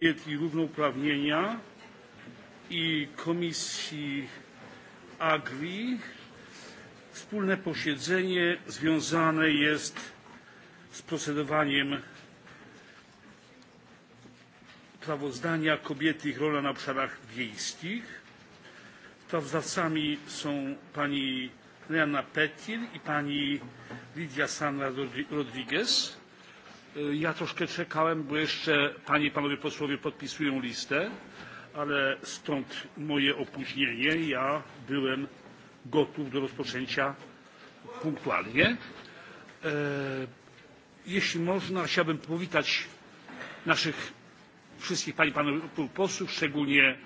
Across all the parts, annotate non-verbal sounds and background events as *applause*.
Kobiet i Równouprawnienia i Komisji Agri. Wspólne posiedzenie związane jest z procedowaniem sprawozdania kobiety i ich rola na obszarach wiejskich. Sprawozdawcami są pani Leanna Petir i pani Lidia Sandra Rodriguez ja troszkę czekałem bo jeszcze panie i panowie posłowie podpisują listę ale stąd moje opóźnienie ja byłem gotów do rozpoczęcia punktualnie. E, jeśli można chciałbym powitać naszych wszystkich pań i panów posłów szczególnie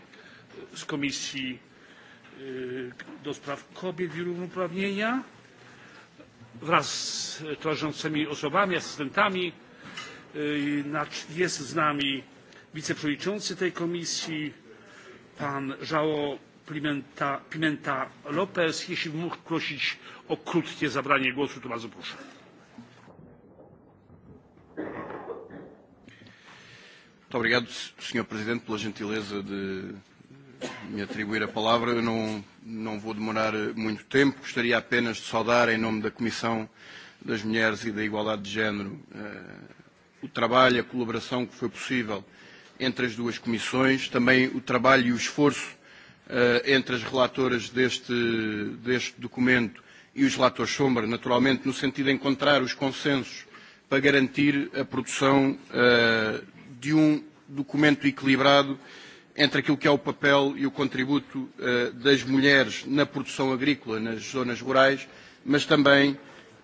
z komisji do spraw kobiet i równouprawnienia wraz z towarzyszącymi osobami asystentami jest z nami wiceprzewodniczący tej komisji pan joao pimenta, pimenta lopez. jeśli mógł prosić o krótkie zabranie głosu to bardzo proszę. Muito obrigado, Sr. Presidente, pela gentileza de me atribuir a palavra. Eu não, não vou demorar muito tempo. Gostaria apenas de saudar, em nome da Comissão das Mulheres e da Igualdade de Género, eh, o trabalho, e a colaboração que foi possível entre as duas comissões, também o trabalho e o esforço uh, entre as relatoras deste, deste documento e os relatores sombra, naturalmente, no sentido de encontrar os consensos para garantir a produção uh, de um documento equilibrado entre aquilo que é o papel e o contributo uh, das mulheres na produção agrícola nas zonas rurais, mas também uh,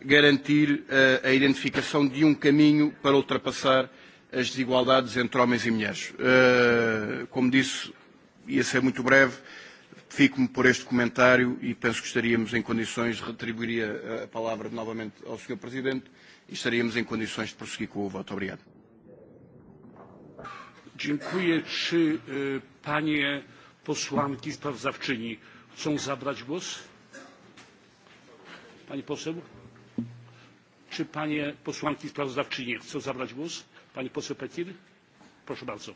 garantir uh, a identificação de um caminho para ultrapassar as desigualdades entre homens e mulheres. Uh, como disse, ia ser muito breve, fico-me por este comentário e penso que estaríamos em condições, retribuiria a palavra novamente ao Sr. Presidente, i e estaríamos em condições de prosseguir com o voto. Obrigado. Dziękuję. Czy y, e, panie posłanki sprawozdawczyni chcą zabrać głos? Pani poseł? Czy panie posłanki sprawozdawczynie chcą zabrać głos? Pani poseł Petir? Proszę bardzo.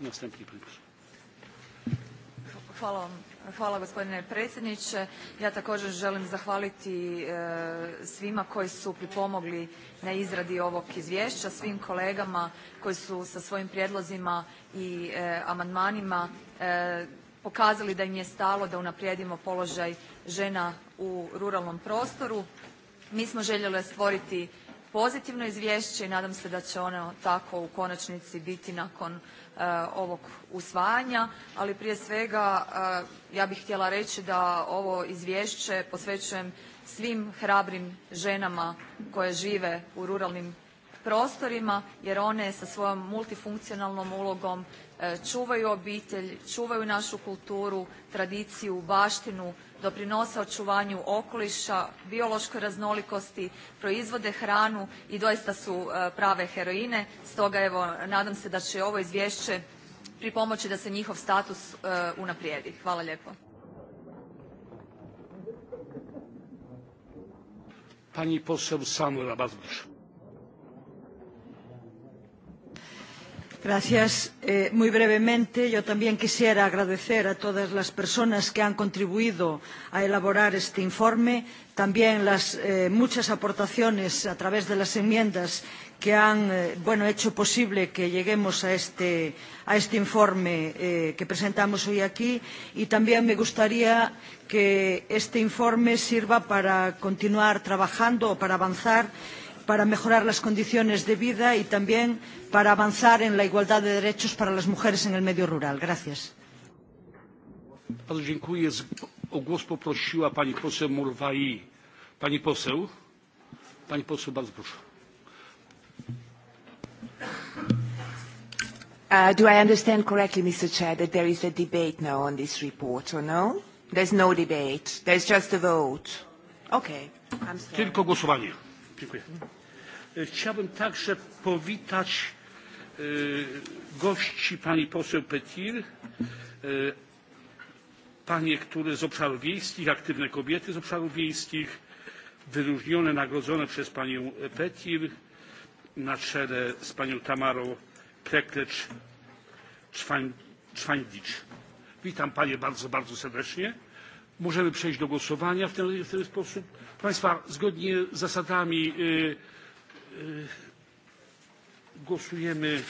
Następnie pani poseł. Hvala vam. Hvala gospodine predsjedniče. Ja također želim zahvaliti e, svima koji su pripomogli na izradi ovog izvješća, svim kolegama koji su sa svojim prijedlozima i e, amandmanima e, pokazali da im je stalo da unaprijedimo položaj žena u ruralnom prostoru Mi smo željeli stvoriti pozitivno izvješće i nadam se da će ono tako u konačnici biti nakon e, ovog usvajanja, ali prije svega e, ja bih htjela reći da ovo izvješće posvećujem svim hrabrim ženama koje žive u ruralnim prostorima jer one sa svojom multifunkcionalnom ulogom e, čuvaju obitelj, čuvaju našu kulturu, tradiciju, baštinu doprinose očuvanju okoliša, biološkoj raznolikosti, proizvode hranu i doista su e, prave heroine. Stoga evo, nadam se da će ovo izvješće pripomoći da se njihov status e, unaprijedi. Hvala lijepo. Pani poseł Samura, bardzo proszę. Gracias. Eh, muy brevemente, yo también quisiera agradecer a todas las personas que han contribuido a elaborar este informe, también las eh, muchas aportaciones a través de las enmiendas que han eh, bueno, hecho posible que lleguemos a este, a este informe eh, que presentamos hoy aquí y también me gustaría que este informe sirva para continuar trabajando o para avanzar para mejorar las condiciones de vida y también para avanzar en la igualdad de derechos para las mujeres en el medio rural. Gracias. Bardzo dziękuję. O głos poprosiła pani poseł Morwai. Pani poseł? Pani poseł, bardzo proszę. Uh, do I understand correctly, Mr. Chair, that there is a debate now on this report, or no? There's no debate. There's just a vote. Okay. I'm sorry. Tylko głosowanie. Dziękuję. E, chciałbym także powitać e, gości pani poseł Petir, e, panie, które z obszarów wiejskich, aktywne kobiety z obszarów wiejskich, wyróżnione, nagrodzone przez panią Petir na czele z panią Tamarą Preklecz Czwańdicz. Witam panie bardzo, bardzo serdecznie możemy przejść do głosowania w ten, w ten sposób. Proszę państwa zgodnie z zasadami yy, yy, głosujemy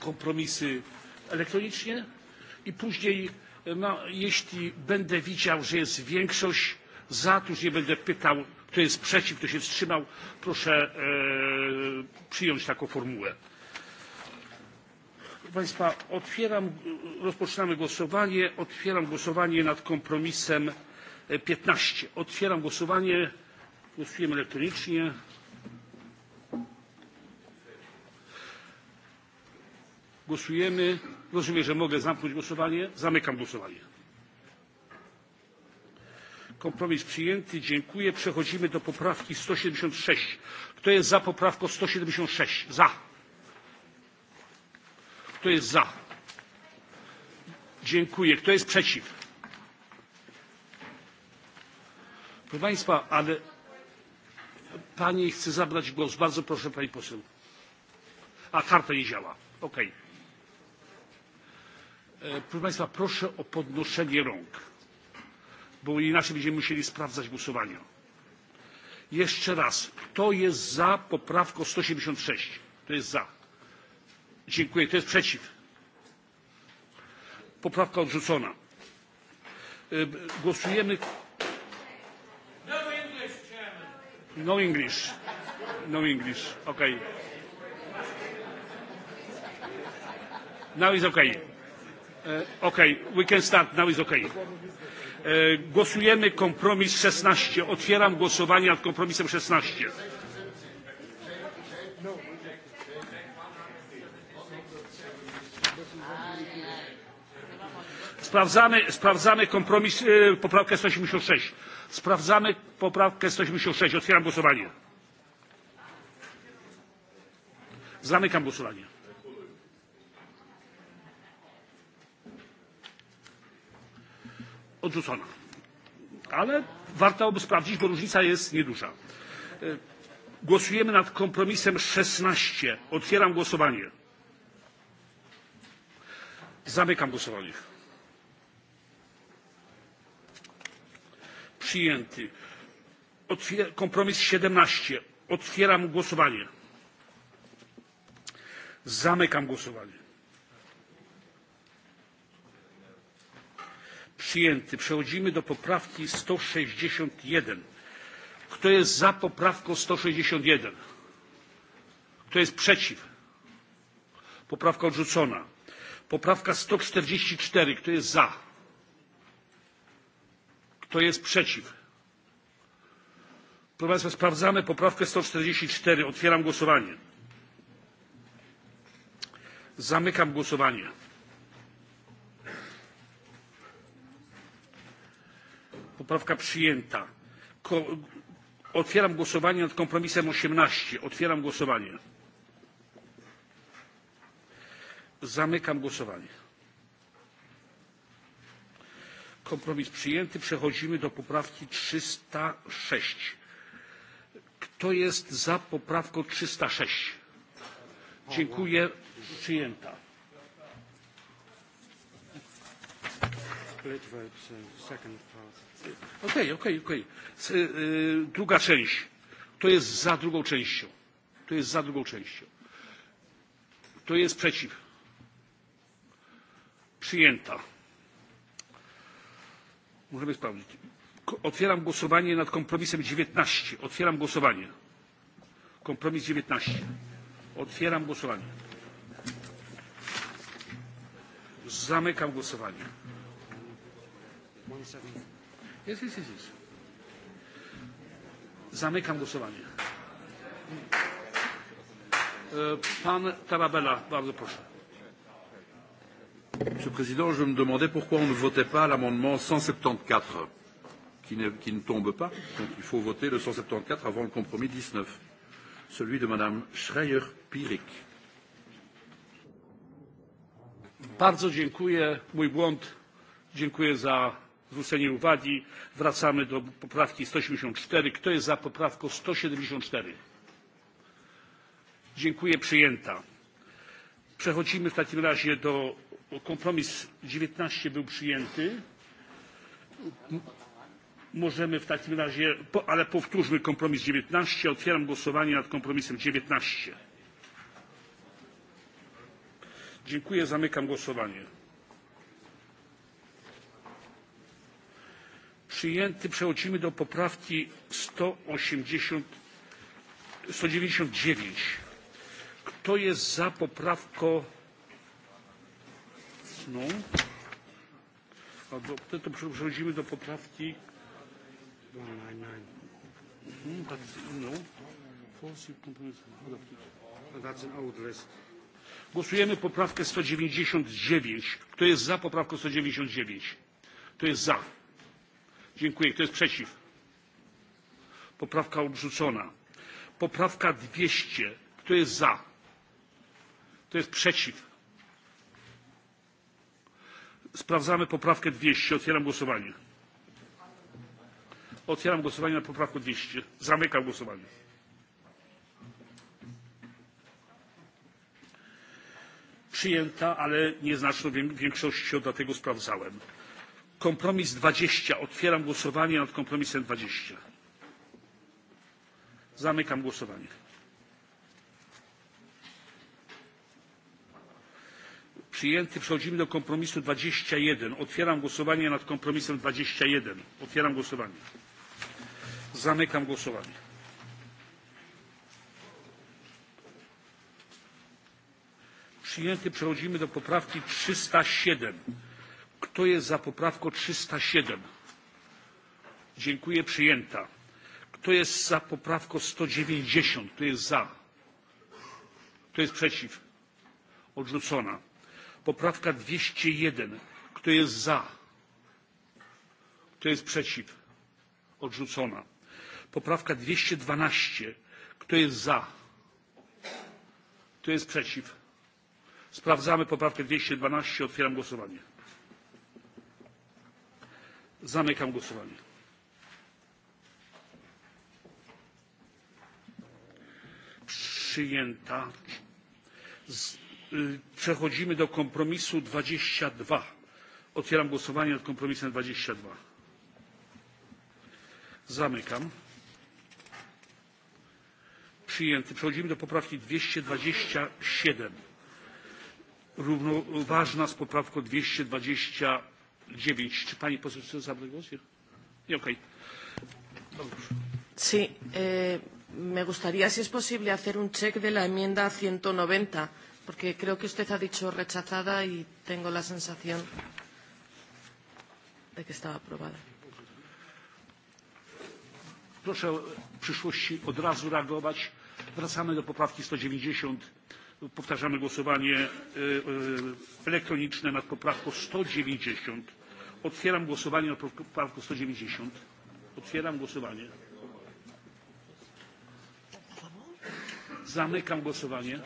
kompromisy elektronicznie i później no, jeśli będę widział że jest większość za to już nie będę pytał kto jest przeciw kto się wstrzymał proszę yy, przyjąć taką formułę proszę państwa otwieram rozpoczynamy głosowanie otwieram głosowanie nad kompromisem piętnaście otwieram głosowanie głosujemy elektronicznie głosujemy rozumiem że mogę zamknąć głosowanie zamykam głosowanie kompromis przyjęty dziękuję przechodzimy do poprawki sto siedemdziesiąt sześć kto jest za poprawką sto siedemdziesiąt sześć za Kto jest za? Dziękuję. Kto jest przeciw? Proszę Państwa, ale Pani chce zabrać głos. Bardzo proszę Pani poseł. A karta nie działa. Okej. Okay. E, proszę Państwa, proszę o podnoszenie rąk, bo inaczej będziemy musieli sprawdzać głosowania. Jeszcze raz. Kto jest za poprawką 176? Kto jest za? Dziękuję. Kto jest przeciw? Poprawka odrzucona. Głosujemy. No English, Chairman. No English. No English. Okay. Now is okay. Okay, we can start. Now is okay. Głosujemy kompromis 16. Otwieram głosowanie nad kompromisem 16. Sprawdzamy, sprawdzamy kompromis, yy, e, poprawkę 186. Sprawdzamy poprawkę 186. Otwieram głosowanie. Zamykam głosowanie. Odrzucona. Ale warto by sprawdzić, bo różnica jest nieduża. E, głosujemy nad kompromisem 16. Otwieram głosowanie. Zamykam głosowanie. przyjęty. Otwier kompromis 17. Otwieram głosowanie. Zamykam głosowanie. Przyjęty. Przechodzimy do poprawki 161. Kto jest za poprawką 161? Kto jest przeciw? Poprawka odrzucona. Poprawka 144. Kto jest za? kto jest przeciw? proszę państwa sprawdzamy poprawkę sto czterdzieści cztery otwieram głosowanie zamykam głosowanie poprawka przyjęta Ko otwieram głosowanie nad kompromisem osiemnaście otwieram głosowanie zamykam głosowanie kompromis przyjęty. przechodzimy do poprawki trzysta sześć kto jest za poprawką trzysta sześć dziękuję przyjęta okej okej okej druga część kto jest za drugą częścią kto jest za drugą częścią kto jest przeciw przyjęta Możemy sprawdzić. Otwieram głosowanie nad kompromisem 19. Otwieram głosowanie. Kompromis 19. Otwieram głosowanie. Zamykam głosowanie. Jest, jest, jest, jest. Zamykam głosowanie. E, pan Tarabella, bardzo proszę. Monsieur le Président, je me demandais pourquoi on ne votait pas l'amendement 174, qui ne, qui ne tombe pas. Donc il faut voter le 174 avant le compromis 19, celui de Madame Schreier-Pirik. Bardzo dziękuję. Mój błąd. Dziękuję za zwrócenie uwagi. Wracamy do poprawki 174. Kto jest za poprawką 174? Dziękuję, przyjęta. Przechodzimy w takim razie do kompromis dziewiętnaście był przyjęty możemy w takim razie ale powtórzmy kompromis dziewiętnaście otwieram głosowanie nad kompromisem dziewiętnaście dziękuję zamykam głosowanie przyjęty przechodzimy do poprawki sto osiemdziesiąt sto dziewięćdzisiąt dziewięć kto jest za poprawką Obecną. Adoptę, to przechodzimy do poprawki. Mhm, no. Głosujemy poprawkę 199. Kto jest za poprawką 199? Kto jest za? Dziękuję. Kto jest przeciw? Poprawka odrzucona. Poprawka 200. Kto jest za? Kto jest przeciw? sprawdzamy poprawkę dwieście otwieram głosowanie. otwieram głosowanie nad poprawką dwieście zamykam głosowanie. przyjęta ale nieznaczną większością dlatego sprawdzałem. kompromis dwadzieścia otwieram głosowanie nad kompromisem. dwadzieścia zamykam głosowanie. przyjęty. Przechodzimy do kompromisu 21. Otwieram głosowanie nad kompromisem 21. Otwieram głosowanie. Zamykam głosowanie. Przyjęty. Przechodzimy do poprawki 307. Kto jest za poprawką 307? Dziękuję. Przyjęta. Kto jest za poprawką 190? Kto jest za? Kto jest przeciw? Odrzucona poprawka dwieście jeden kto jest za kto jest przeciw odrzucona poprawka dwieście dwanaście kto jest za kto jest przeciw sprawdzamy poprawkę dwieście dwanaście otwieram głosowanie zamykam głosowanie przyjęta z przechodzimy do kompromisu dwadzieścia dwa otwieram głosowanie nad kompromisem dwadzieścia dwa zamykam przyjęty przechodzimy do poprawki dwieście dwadzieścia siedem równoważna z poprawką dwieście dwadzieścia dziewięć czy pani poseł chce zabrać głos? nie okej okay. sí eh, me gustaría si es posible hacer un check de la enmienda ciento noventa porque creo que usted ha dicho rechazada y tengo la sensación de que estaba aprobada. Proszę w przyszłości od razu reagować. Wracamy do poprawki 190. Powtarzamy głosowanie e, e, elektroniczne nad poprawką 190. Otwieram głosowanie nad poprawką 190. Otwieram głosowanie. Zamykam głosowanie.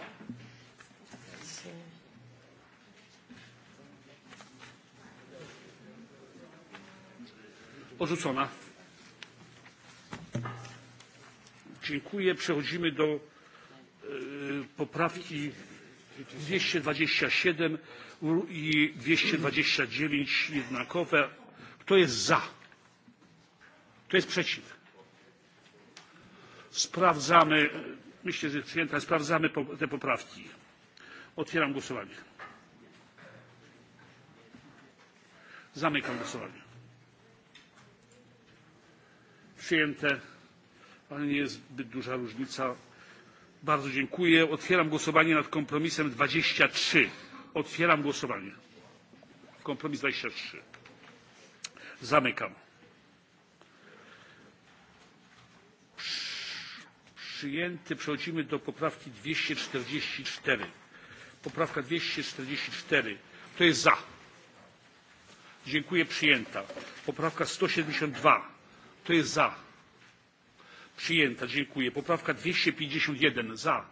Odrzucona. Dziękuję. Przechodzimy do y, e, poprawki 227 i 229 jednakowe. Kto jest za? Kto jest przeciw? Sprawdzamy, myślę, że jest przyjęta, sprawdzamy te poprawki. Otwieram głosowanie. Zamykam głosowanie przyjęte ale nie jest zbyt duża różnica. bardzo dziękuję. otwieram głosowanie nad kompromisem dwadzieścia trzy otwieram głosowanie. kompromis dwadzieścia trzy zamykam. przyjęty. przechodzimy do poprawki dwieście czterdzieści cztery poprawka dwieście czterdzieści cztery kto jest za? dziękuję przyjęta. poprawka sto siedemdziesiąt dwa kto jest za? przyjęta dziękuję. poprawka dwieście pięćdziesiąt jeden za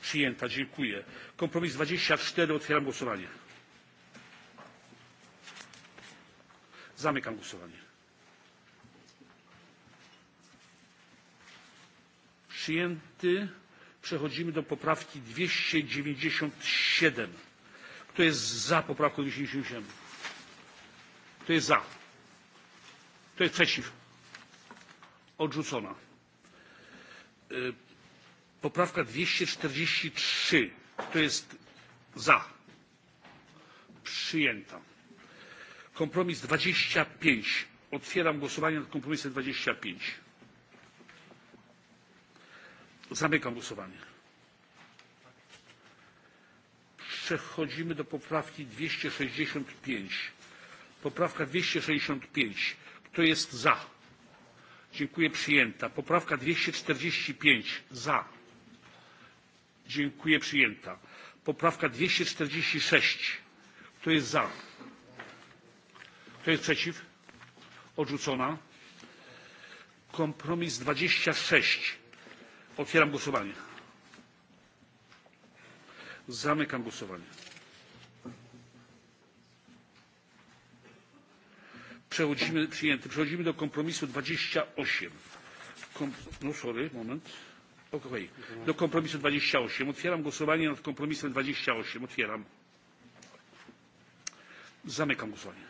przyjęta dziękuję. kompromis dwadzieścia cztery otwieram głosowanie. zamykam głosowanie. przyjęty. przechodzimy do poprawki dwieście dziewięćdzisiąt siedem kto jest za poprawką dwieście dziewięćdzisiąt siedem? kto jest za? Kto jest przeciw? Odrzucona. E, poprawka 243. Kto jest za? Przyjęta. Kompromis 25. Otwieram głosowanie nad kompromisem 25. Zamykam głosowanie. Przechodzimy do poprawki 265. Poprawka 265. Kto jest za? Dziękuję. Przyjęta. Poprawka 245. Za. Dziękuję. Przyjęta. Poprawka 246. Kto jest za? Kto jest przeciw? Odrzucona. Kompromis 26. Otwieram głosowanie. Zamykam głosowanie. Przechodzimy, przyjęty. Przechodzimy do kompromisu 28. Kom, no sorry, moment. Okay. Do kompromisu 28. Otwieram głosowanie nad kompromisem 28. Otwieram. Zamykam głosowanie.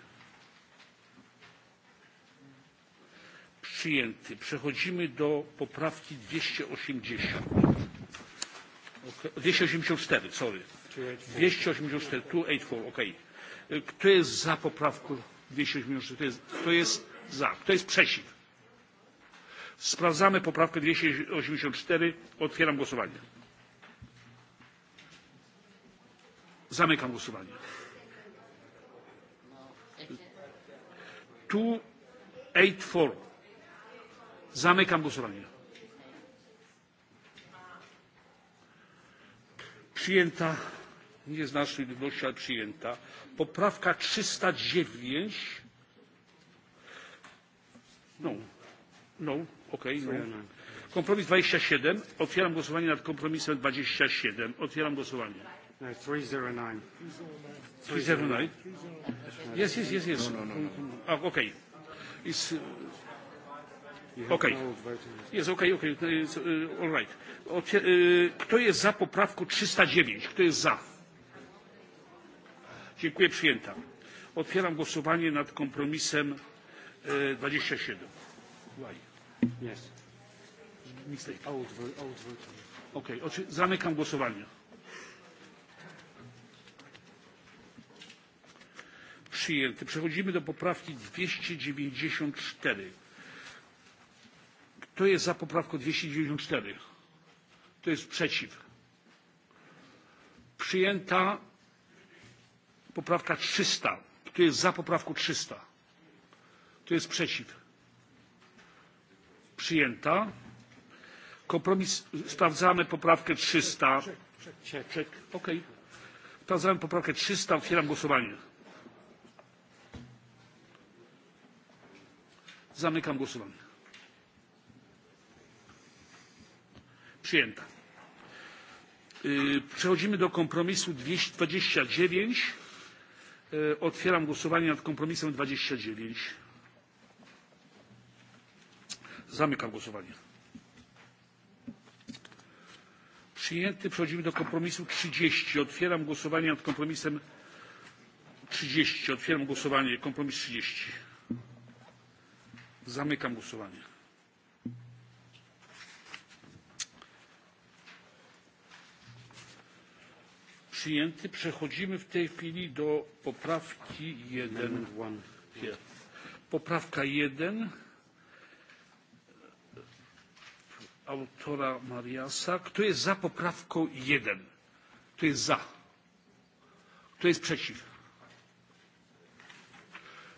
Przyjęty. Przechodzimy do poprawki 280. Okay. 284, sorry. 284, 284, ok. Kto jest za poprawką? dwieście osiemdziesiąt kto jest za kto jest przeciw? sprawdzamy poprawkę dwieście osiemdziesiąt cztery otwieram głosowanie. zamykam głosowanie. two eight four zamykam głosowanie. przyjęta nie z naszej ludności ale przyjęta poprawka trzysta dziewięć kompromis dwadzieścia siedem otwieram głosowanie nad kompromisem dwadzieścia siedem otwieram głosowanie. Yes, yes, yes, yes. No, no, no, no. Oh, okay. It's, okay. Yes, okay, okay. It's, uh, all right. Otwier- y- e, kto jest za poprawką 309? Kto jest za? dziękuję przyjęta. otwieram głosowanie nad kompromisem e, dwadzieścia siedem zamykam głosowanie. przyjęty. przechodzimy do poprawki dwieście dziewięćdzisiąt cztery kto jest za poprawką dwieście dziewięćdzisiąt cztery kto jest przeciw? przyjęta poprawka trzysta kto jest za poprawką trzysta kto jest przeciw? przyjęta. kompromis sprawdzamy poprawkę trzysta okay. sprawdzamy poprawkę trzysta otwieram głosowanie. zamykam głosowanie. przyjęta. Przechodzimy do kompromisu dwieście dwadzieścia dziewięć E, otwieram głosowanie nad kompromisem 29. Zamykam głosowanie. Przyjęty. Przechodzimy do kompromisu 30. Otwieram głosowanie nad kompromisem 30. Otwieram głosowanie. Kompromis 30. Zamykam głosowanie. przyjęty. Przechodzimy w tej chwili do poprawki 1. Poprawka 1 autora Mariasa. Kto jest za poprawką 1? Kto jest za? Kto jest przeciw?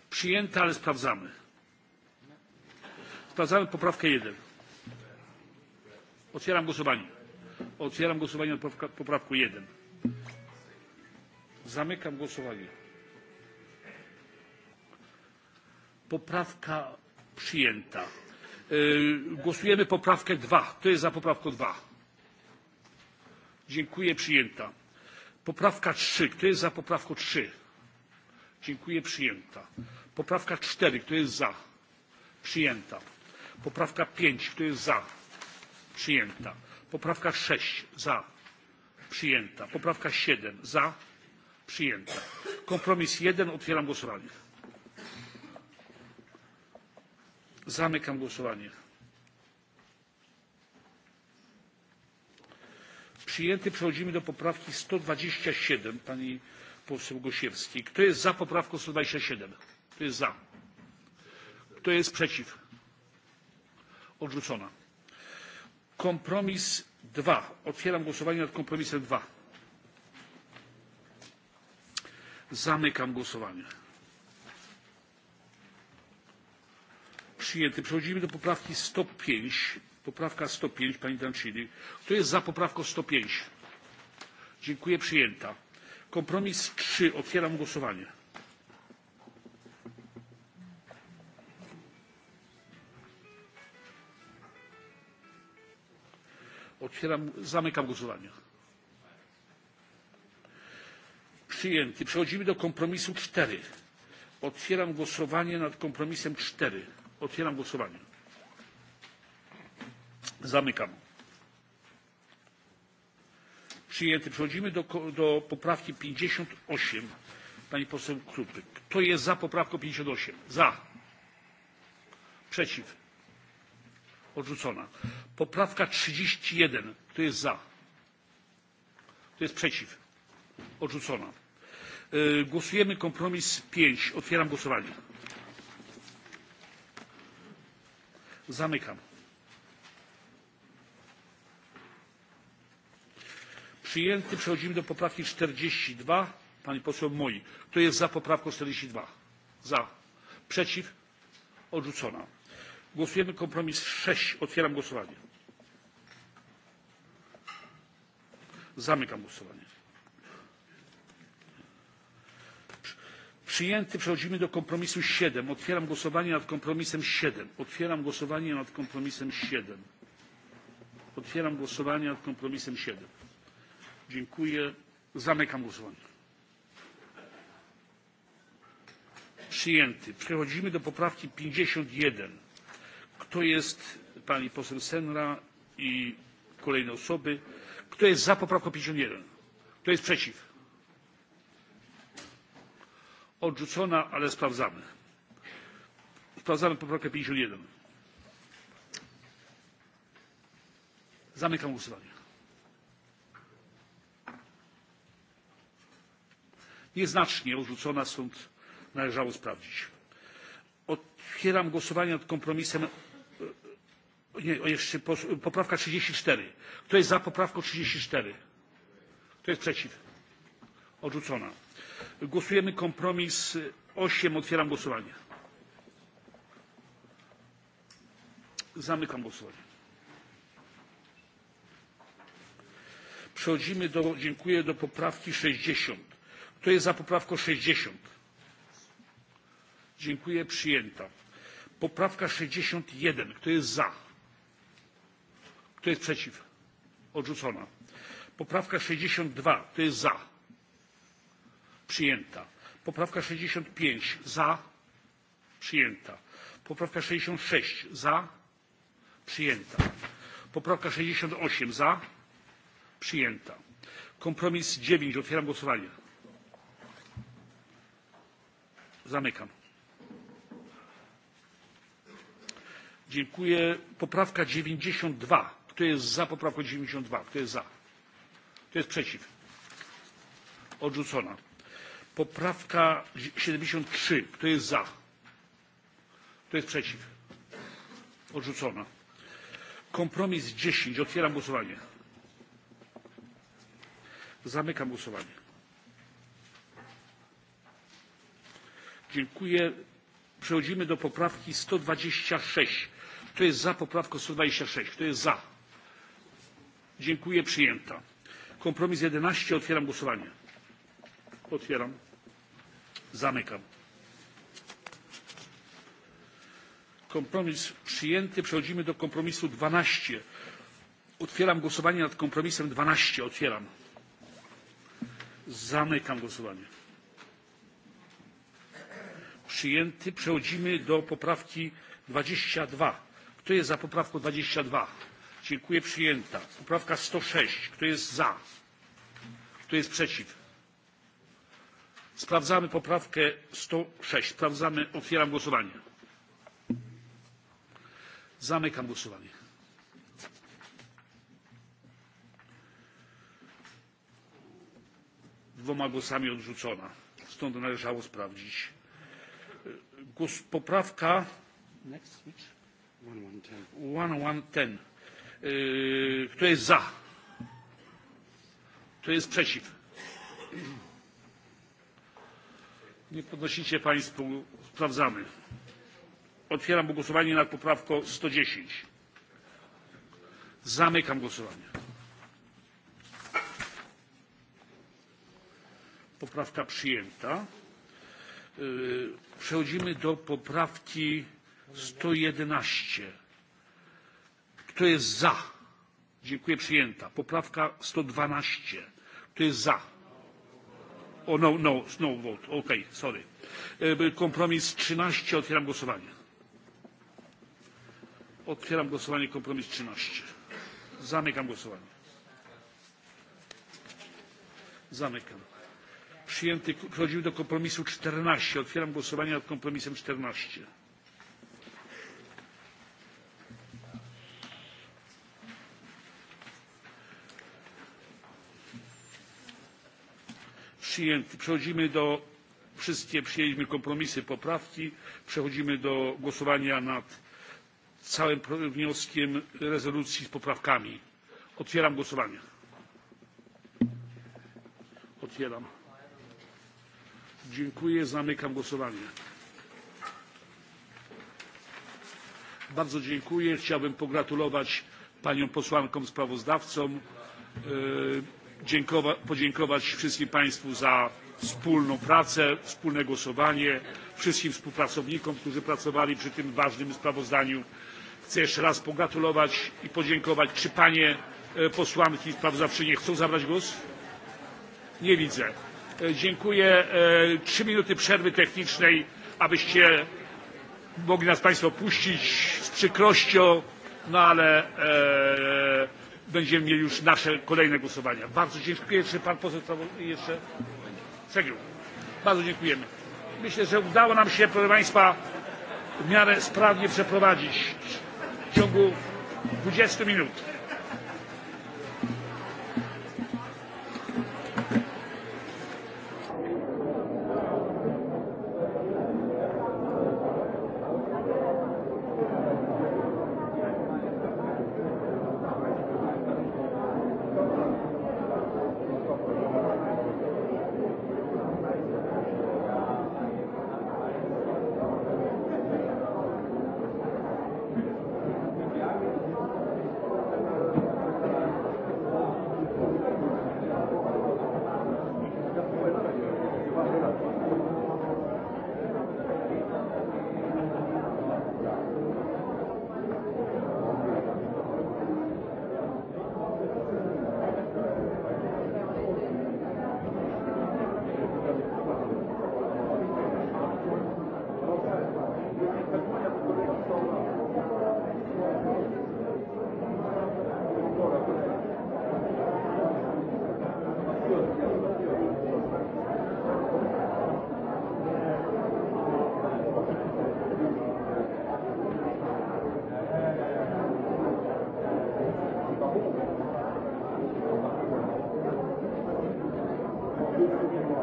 Przyjęta, ale sprawdzamy. Sprawdzamy poprawkę 1. Otwieram głosowanie. Otwieram głosowanie nad poprawką 1. Zamykam głosowanie. Poprawka przyjęta. Yy, głosujemy poprawkę 2. Kto jest za poprawką 2? Dziękuję, przyjęta. Poprawka 3. Kto jest za poprawką 3? Dziękuję, przyjęta. Poprawka 4. Kto jest za? Przyjęta. Poprawka 5. Kto jest za? Przyjęta. Poprawka 6. Za. Przyjęta. Poprawka 7. Za Przyjęta. Kompromis 1. Otwieram głosowanie. Zamykam głosowanie. Przyjęty. Przechodzimy do poprawki 127 pani poseł Gosiewskiej. Kto jest za poprawką 127? Kto jest za? Kto jest przeciw? Odrzucona. Kompromis 2. Otwieram głosowanie nad kompromisem 2. Zamykam głosowanie. Przyjęty. Przechodzimy do poprawki 105. Poprawka 105 pani Danczyny. Kto jest za poprawką 105? Dziękuję. Przyjęta. Kompromis 3. Otwieram głosowanie. Otwieram, zamykam głosowanie. przyjęty. Przechodzimy do kompromisu 4. Otwieram głosowanie nad kompromisem 4. Otwieram głosowanie. Zamykam. Przyjęty. Przechodzimy do, do poprawki 58. Pani poseł Krupy. Kto jest za poprawką 58? Za. Przeciw. Odrzucona. Poprawka 31. Kto jest za? Kto jest przeciw? Odrzucona E, głosujemy kompromis 5. Otwieram głosowanie. Zamykam. Przyjęty. Przechodzimy do poprawki 42. Pani poseł Moi. Kto jest za poprawką 42? Za. Przeciw? Odrzucona. Głosujemy kompromis 6. Otwieram głosowanie. Zamykam głosowanie. przyjęty. Przechodzimy do kompromisu 7. Otwieram głosowanie nad kompromisem 7. Otwieram głosowanie nad kompromisem 7. Otwieram głosowanie nad kompromisem 7. Dziękuję. Zamykam głosowanie. Przyjęty. Przechodzimy do poprawki 51. Kto jest pani poseł Senra i kolejne osoby? Kto jest za poprawką 51? Kto jest przeciw? odrzucona ale sprawdzamy. sprawdzamy poprawkę pięćdziesiąt jeden zamykam głosowanie. nieznacznie odrzucona stąd należało sprawdzić. otwieram głosowanie nad kompromisem e, nie, jeszcze poprawka trzydzieści cztery kto jest za poprawką trzydzieści cztery kto jest przeciw? odrzucona Głosujemy kompromis 8. Otwieram głosowanie. Zamykam głosowanie. Przechodzimy do, dziękuję, do poprawki 60. Kto jest za poprawką 60? Dziękuję, przyjęta. Poprawka 61. Kto jest za? Kto jest przeciw? Odrzucona. Poprawka 62. Kto jest za? przyjęta. poprawka sześćdziesiąt pięć za przyjęta. poprawka sześćdziesiąt sześć za przyjęta. poprawka sześćdziesiąt osiem za przyjęta. kompromis dziewięć otwieram głosowanie. zamykam. dziękuję. poprawka dziewięćdzisiąt dwa kto jest za poprawką dziewięćdzisiąt dwa kto jest za kto jest przeciw? odrzucona poprawka siedemdziesiąt trzy kto jest za kto jest przeciw? odrzucona kompromis dziesięć otwieram głosowanie zamykam głosowanie dziękuję przechodzimy do poprawki sto dwadzieścia sześć kto jest za poprawką sto dwadzieścia sześć kto jest za dziękuję przyjęta kompromis jedenaście otwieram głosowanie Otwieram. Zamykam. Kompromis przyjęty. Przechodzimy do kompromisu 12. Otwieram głosowanie nad kompromisem 12. Otwieram. Zamykam głosowanie. Przyjęty. Przechodzimy do poprawki 22. Kto jest za poprawką 22? Dziękuję. Przyjęta. Poprawka 106. Kto jest za? Kto jest przeciw? sprawdzamy poprawkę sto sześć sprawdzamy otwieram głosowanie zamykam głosowanie dwoma głosami odrzucona stąd należało sprawdzić Głos, poprawka one ten kto jest za kto jest przeciw? nie podnosicie państwo sprawdzamy otwieram głosowanie nad poprawką sto dziesięć zamykam głosowanie poprawka przyjęta przechodzimy do poprawki sto jedenaście kto jest za dziękuję przyjęta poprawka sto dwanaście kto jest za O, no, no, no vote. Okay, sorry. E, kompromis 13. Otwieram głosowanie. Otwieram głosowanie. Kompromis 13. Zamykam głosowanie. Zamykam. Przyjęty. Przechodzimy do kompromisu 14. Otwieram głosowanie nad kompromisem 14. przyjęty. przechodzimy do wszystkie przyjęliśmy kompromisy poprawki przechodzimy do głosowania nad całym wnioskiem rezolucji z poprawkami. otwieram głosowanie. otwieram. dziękuję. zamykam głosowanie. bardzo dziękuję. chciałbym pogratulować paniom posłankom sprawozdawcom podziękować wszystkim państwu za wspólną pracę wspólne głosowanie wszystkim współpracownikom którzy pracowali przy tym ważnym sprawozdaniu. chcę jeszcze raz pogratulować i podziękować. czy panie e, posłanki sprawozdawczynie chcą zabrać głos? nie widzę. E, dziękuję. E, trzy minuty przerwy technicznej abyście mogli nas państwo opuścić z przykrością no ale będziemy mieli już nasze kolejne głosowania. Bardzo dziękuję. Czy pan poseł jeszcze? Segiel. Bardzo dziękujemy. Myślę, że udało nam się, proszę Państwa, w miarę sprawnie przeprowadzić w ciągu 20 minut.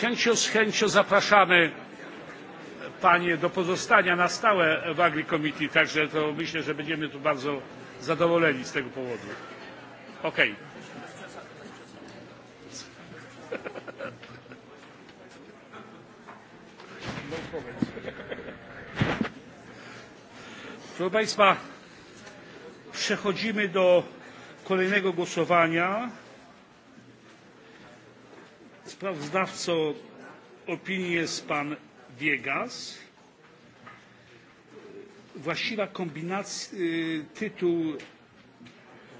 chęcią, z chęcią zapraszamy Panie do pozostania na stałe w Agri Committee, także to myślę, że będziemy tu bardzo zadowoleni z tego powodu. Okej. Okay. Proszę Państwa, przechodzimy do kolejnego głosowania sprawozdawcą opinią jest pan viegas. właściwa kombinacja tytuł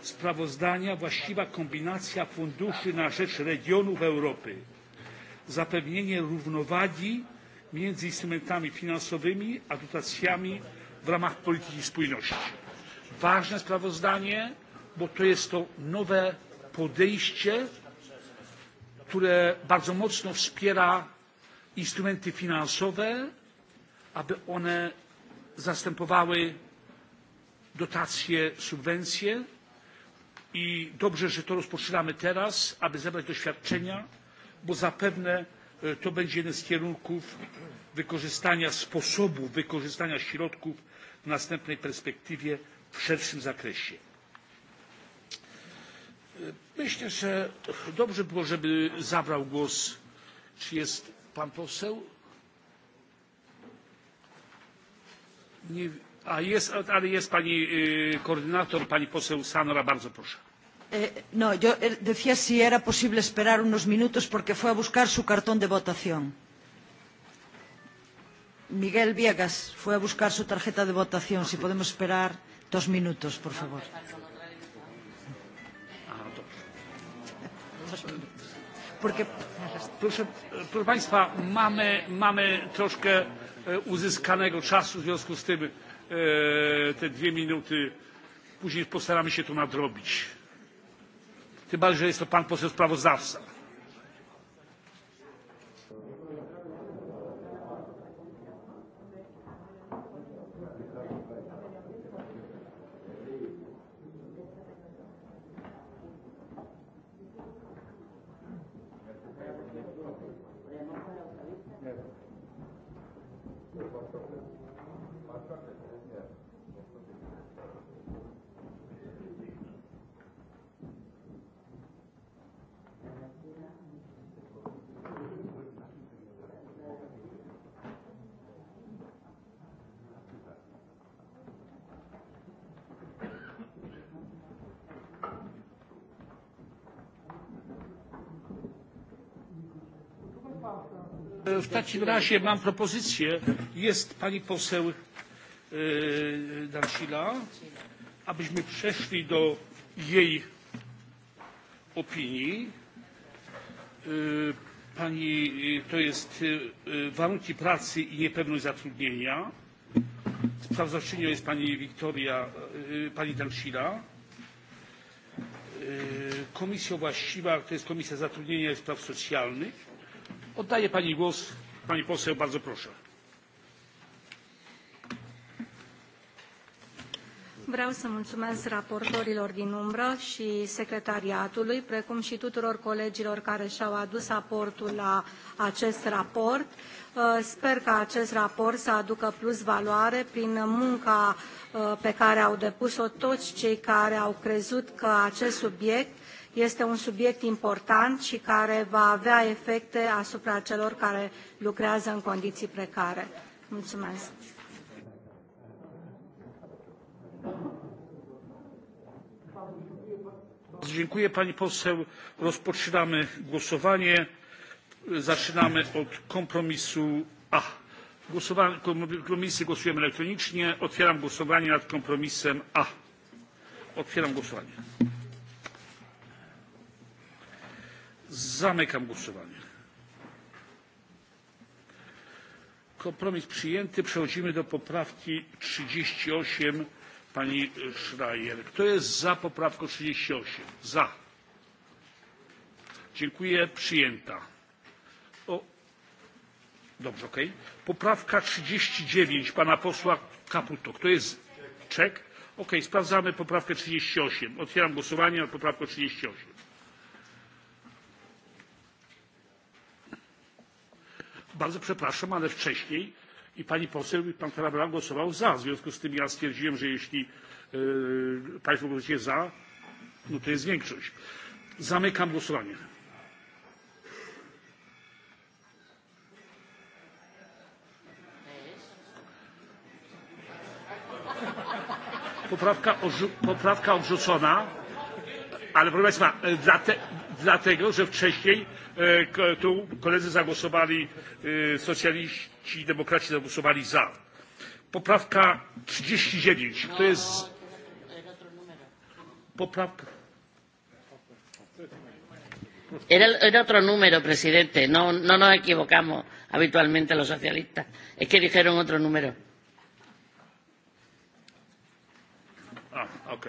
sprawozdania właściwa kombinacja funduszy na rzecz regionów europy zapewnienie równowagi między instrumentami finansowymi a dotacjami w ramach polityki spójności. ważne sprawozdanie bo to jest to nowe podejście które bardzo mocno wspiera instrumenty finansowe aby one zastępowały dotacje subwencje i dobrze że to rozpoczynamy teraz aby zebrać doświadczenia bo zapewne e, to będzie jeden z kierunków wykorzystania sposobów wykorzystania środków w następnej perspektywie w szerszym zakresie. Myślę, że dobrze było, żeby zabrał głos. Czy jest pan poseł? Nie, a jest, ale jest pani y, koordynator, pani poseł Sanora, bardzo proszę. Eh, no, yo eh, decía si era posible esperar unos minutos porque fue a buscar su cartón de votación. Miguel Viegas fue a buscar su tarjeta de votación. Si podemos esperar dos minutos, por favor. No, Porque, proszę, proszę Państwa, mamy, mamy troszkę e, uzyskanego czasu, w związku z tym e, te dwie minuty, później postaramy się to nadrobić. Tym bardziej, że jest to pan poseł sprawozdawca. w takim razie mam propozycję jest pani poseł e, dancila abyśmy przeszli do jej opinii e, pani e, to jest warunki pracy i niepewność zatrudnienia sprawozdawczynią jest pani Wiktoria, pani Dancila. Komisja właściwa to jest Komisja Zatrudnienia i Spraw Socjalnych Oddaję Pani głos. Pani poseł, bardzo proszę. Vreau să mulțumesc raportorilor din umbră și secretariatului, precum și tuturor colegilor care și-au adus aportul la acest raport. Uh, sper că acest raport să aducă plus valoare prin munca uh, pe care au depus-o toți cei care au crezut că acest subiect Este un subiect important și care va avea efecte asupra celor care lucrează în condiții precare. Mulțumesc! dziękuję pani poseł rozpoczynamy głosowanie zaczynamy od kompromisu a kompromisy głosujemy elektronicznie otwieram głosowanie nad kompromisem a otwieram głosowanie Zamykam głosowanie. Kompromis przyjęty. Przechodzimy do poprawki 38 pani Schreier. Kto jest za poprawką 38? Za. Dziękuję. Przyjęta. O, dobrze, okej. Okay. Poprawka 39 pana posła Caputo. Kto jest? Czek. Okej, okay, sprawdzamy poprawkę 38. Otwieram głosowanie nad poprawką 38. bardzo przepraszam ale wcześniej i pani poseł i pan tarabella głosował za w związku z tym ja stwierdziłem że jeśli yy, e, państwo głosujecie za no to jest większość. zamykam głosowanie. poprawka, odrzu poprawka odrzucona ale proszę państwa e, dlate, dlatego że wcześniej e, tu koledzy zagłosowali e, socjaliści i demokraci zagłosowali za. poprawka trzydzieści dziewięć kto jest poprawka Era, era otro número, presidente. No, no nos equivocamos habitualmente los socialistas. Es que dijeron otro número. Ah, ok.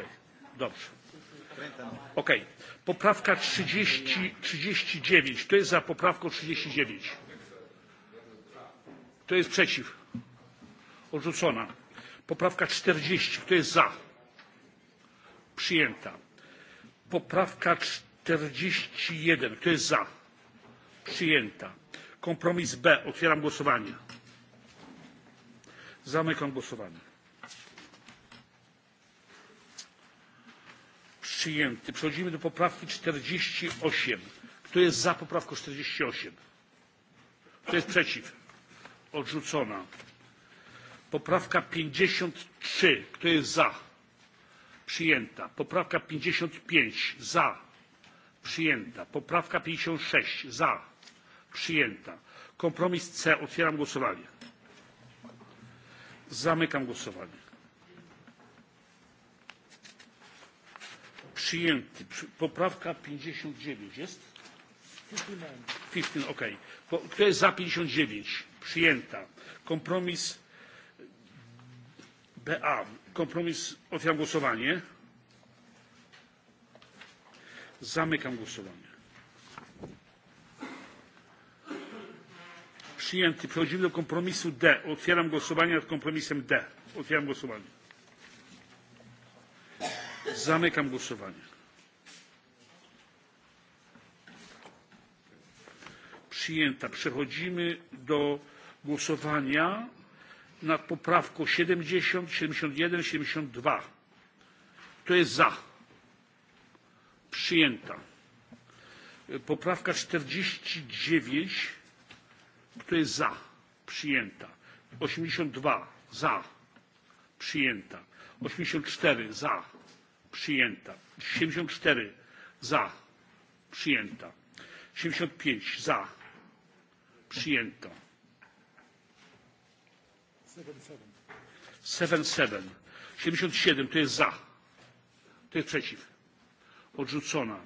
Dobrze. Okej. Okay poprawka trzydzieści dziewięć kto jest za poprawką trzydzieści dziewięć kto jest przeciw? odrzucona. poprawka czterdzieści kto jest za? przyjęta. poprawka czterdzieści jeden kto jest za? przyjęta. kompromis b otwieram głosowanie. zamykam głosowanie. przyjęty. Przechodzimy do poprawki 48. Kto jest za poprawką 48? Kto jest przeciw? Odrzucona. Poprawka 53. Kto jest za? Przyjęta. Poprawka 55. Za. Przyjęta. Poprawka 56. Za. Przyjęta. Kompromis C. Otwieram głosowanie. Zamykam głosowanie. przyjęty. Poprawka 59 jest? 15, ok. Kto jest za 59? Przyjęta. Kompromis BA. Kompromis, otwieram głosowanie. Zamykam głosowanie. Przyjęty. Przechodzimy do kompromisu D. Otwieram głosowanie nad kompromisem D. Otwieram głosowanie. Zamykam głosowanie. Przyjęta. Przechodzimy do głosowania nad poprawką 70, 71, 72. Kto jest za? Przyjęta. Poprawka 49. Kto jest za? Przyjęta. 82. Za. Przyjęta. 84. Za przyjęta. 74 za, przyjęta. 75 za, przyjęta. 77. 77 to jest za, to jest przeciw. Odrzucona.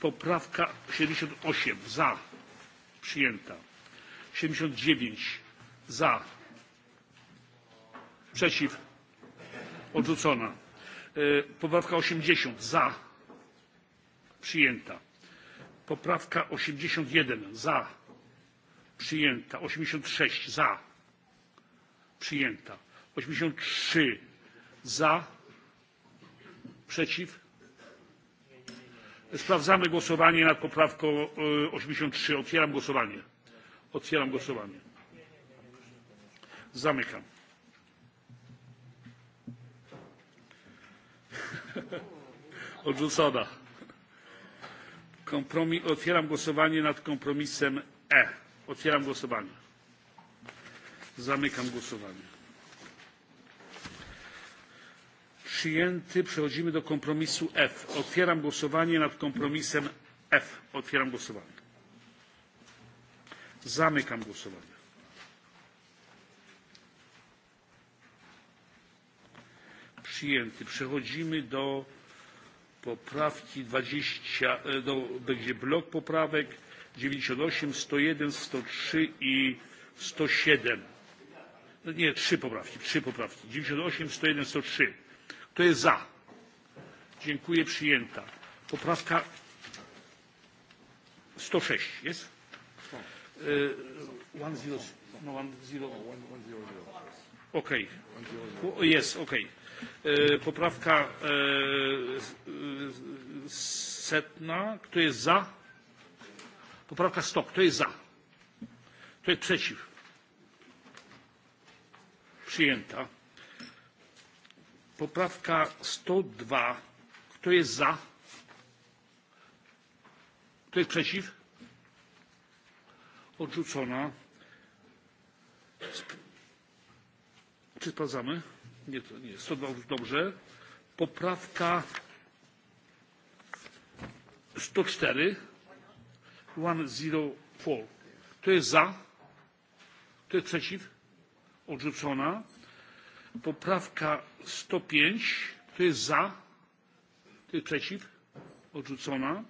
Poprawka 78 za, przyjęta. 79 za, przeciw, odrzucona E, poprawka osiemdziesiąt za przyjęta poprawka osiemdziesiąt jeden za przyjęta osiemdziesiąt sześć za przyjęta osiemdziesiąt trzy za przeciw sprawdzamy głosowanie nad poprawką e, osiemdziesiąt trzy otwieram głosowanie otwieram głosowanie zamykam Odrzucona. Kompromis, otwieram głosowanie nad kompromisem E. Otwieram głosowanie. Zamykam głosowanie. Przyjęty. Przechodzimy do kompromisu F. Otwieram głosowanie nad kompromisem F. Otwieram głosowanie. Zamykam głosowanie. przyjęty. Przechodzimy do poprawki 20, e, do, będzie blok poprawek 98, 101, 103 i 107. No nie, trzy poprawki, trzy poprawki. 98, 101, 103. Kto jest za? Dziękuję, przyjęta. Poprawka 106 jest? Uh, one zero, no one zero. Okej. Okay. Jest, okej. Okay. E, poprawka e, e, setna. Kto jest za? Poprawka 100. Kto jest za? Kto jest przeciw? Przyjęta. Poprawka 102. Kto jest za? Kto jest przeciw? Odrzucona. Czy sprawdzamy? nie, nie, 102 dobrze. Poprawka 104, 104. Kto jest za? Kto jest przeciw? Odrzucona. Poprawka 105. Kto jest za? Kto jest przeciw? Odrzucona.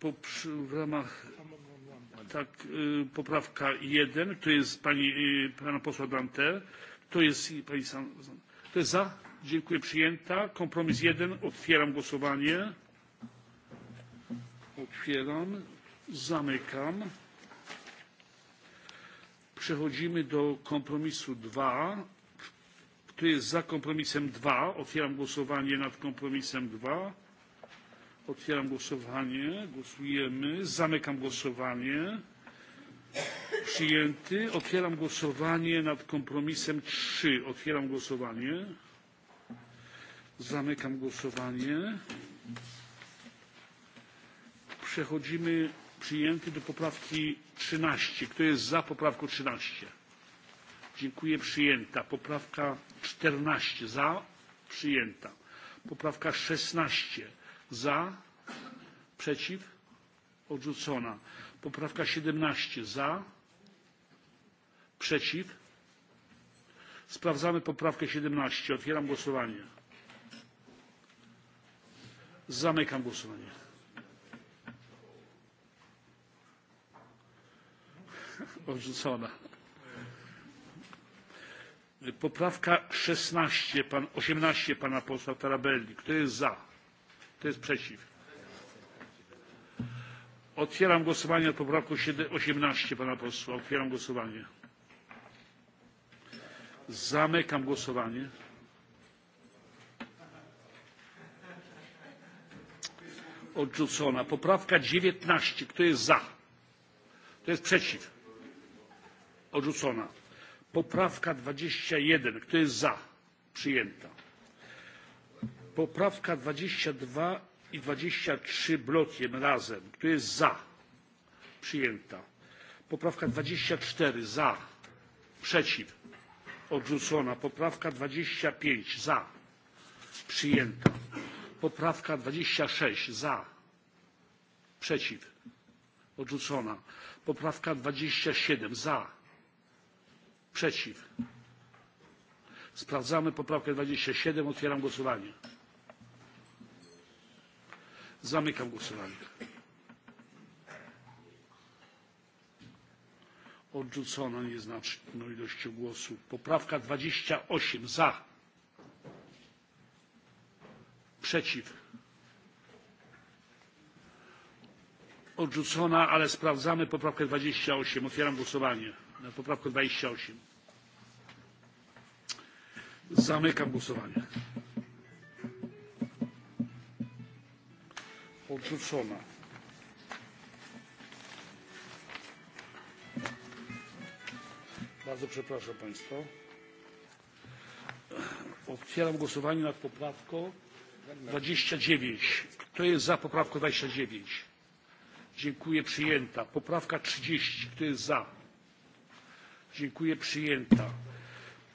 Po, w ramach tak, y, poprawka 1, to jest pani, y, pana posła Dante. Kto jest, pani San, kto jest za? Dziękuję, przyjęta. Kompromis 1. Otwieram głosowanie. Otwieram. Zamykam. Przechodzimy do kompromisu 2. Kto jest za kompromisem 2? Otwieram głosowanie nad kompromisem 2. Otwieram głosowanie. Głosujemy. Zamykam głosowanie. Przyjęty. Otwieram głosowanie nad kompromisem 3. Otwieram głosowanie. Zamykam głosowanie. Przechodzimy przyjęty do poprawki 13. Kto jest za poprawką 13? Dziękuję. Przyjęta. Poprawka 14. Za. Przyjęta. Poprawka 16. Za. Przeciw. Odrzucona Poprawka 17 za. Przeciw. Sprawdzamy poprawkę 17. Otwieram głosowanie. Zamykam głosowanie. *laughs* Odrzucona. Poprawka 16, pan, 18 pana posła Tarabelli. Kto jest za? Kto jest przeciw? Otwieram głosowanie nad poprawką 18 pana posła. Otwieram głosowanie. Zamykam głosowanie. Odrzucona. Poprawka 19. Kto jest za? Kto jest przeciw? Odrzucona. Poprawka 21. Kto jest za? Przyjęta. Poprawka 22 i dwadzieścia trzy blokiem razem. kto jest za? przyjęta. poprawka dwadzieścia cztery za. przeciw. odrzucona. poprawka dwadzieścia pięć za. przyjęta. poprawka dwadzieścia sześć za. przeciw. odrzucona. poprawka dwadzieścia siedem za. przeciw. sprawdzamy poprawkę dwadzieścia siedem otwieram głosowanie. Zamykam głosowanie. Odrzucono nieznaczną ilością głosów. Poprawka 28 za. Przeciw. Odrzucona, ale sprawdzamy poprawkę 28. Otwieram głosowanie na poprawkę 28. Zamykam głosowanie. odrzucona. Bardzo przepraszam Państwa. Otwieram głosowanie nad poprawką 29. Kto jest za poprawką 29? Dziękuję, przyjęta. Poprawka 30. Kto jest za? Dziękuję, przyjęta.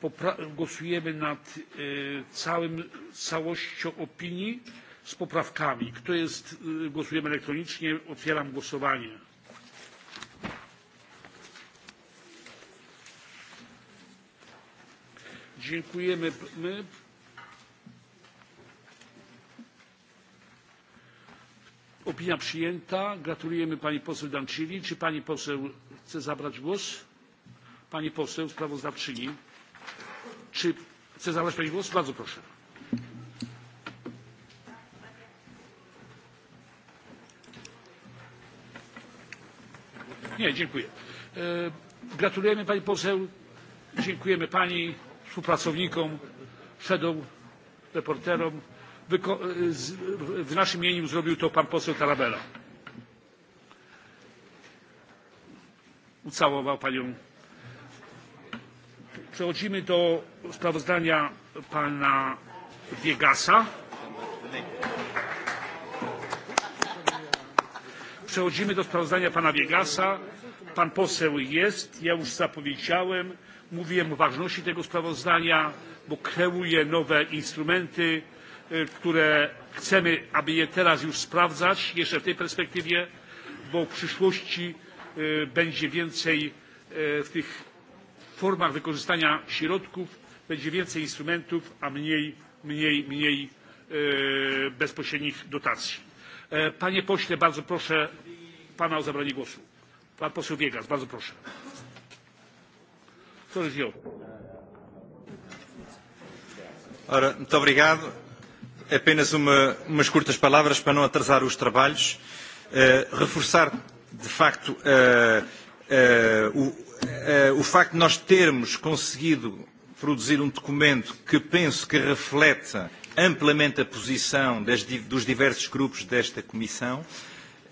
Popra głosujemy nad y, całym, całością opinii z poprawkami. Kto jest, głosujemy elektronicznie. Otwieram głosowanie. Dziękujemy. My opinia przyjęta. Gratulujemy pani poseł Danczyli. Czy pani poseł chce zabrać głos? Pani poseł sprawozdawczyni. Czy chce zabrać pani głos? Bardzo proszę. Nie, dziękuję. E, gratulujemy pani poseł, dziękujemy pani, współpracownikom, shadow reporterom. E, w naszym imieniu zrobił to pan poseł Tarabella. Ucałował panią. Przechodzimy do sprawozdania pana Wiegasa. przechodzimy do sprawozdania pana viegasa. pan poseł jest ja już zapowiedziałem mówiłem o ważności tego sprawozdania bo kreuje nowe instrumenty które chcemy aby je teraz już sprawdzać jeszcze w tej perspektywie bo w przyszłości będzie więcej w tych formach wykorzystania środków będzie więcej instrumentów a mniej mniej mniej bezpośrednich dotacji. E, panie pośle, bardzo proszę pana o zabranie głosu. Pan poseł Biegas, bardzo proszę. Senhor Gil. Ora, muito obrigado. Apenas uma, umas curtas palavras para não atrasar os trabalhos. Uh, reforçar, de facto, uh, uh, o, uh, o facto de nós termos conseguido produzir um documento que penso que reflete uh, amplamente a posição das, dos diversos grupos desta Comissão.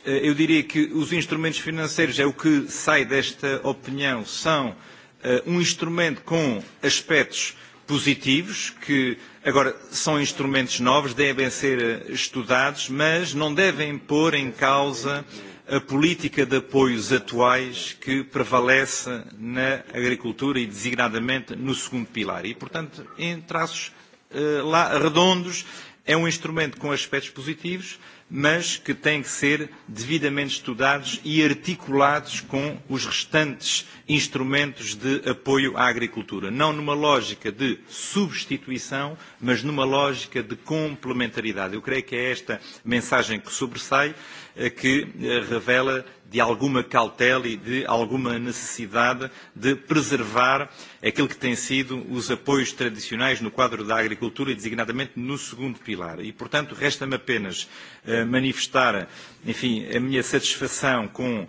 Eh, eu diria que os instrumentos financeiros, é o que sai desta opinião, são eh, um instrumento com aspectos positivos, que agora são instrumentos novos, devem ser eh, estudados, mas não devem pôr em causa a política de apoios atuais que prevalece na agricultura e designadamente no segundo pilar. E, portanto, em traços Eh, lá redondos. É um instrumento com aspectos positivos, mas que têm que ser devidamente estudados e articulados com os restantes instrumentos de apoio à agricultura. Não numa lógica de substituição, mas numa lógica de complementaridade. Eu creio que é esta mensagem que sobressai Eh, que eh, revela de alguma cautela e de alguma necessidade de preservar aquilo que tem sido os apoios tradicionais no quadro da agricultura, designadamente no segundo pilar. E, portanto, resta-me apenas eh, manifestar, enfim, a minha satisfação com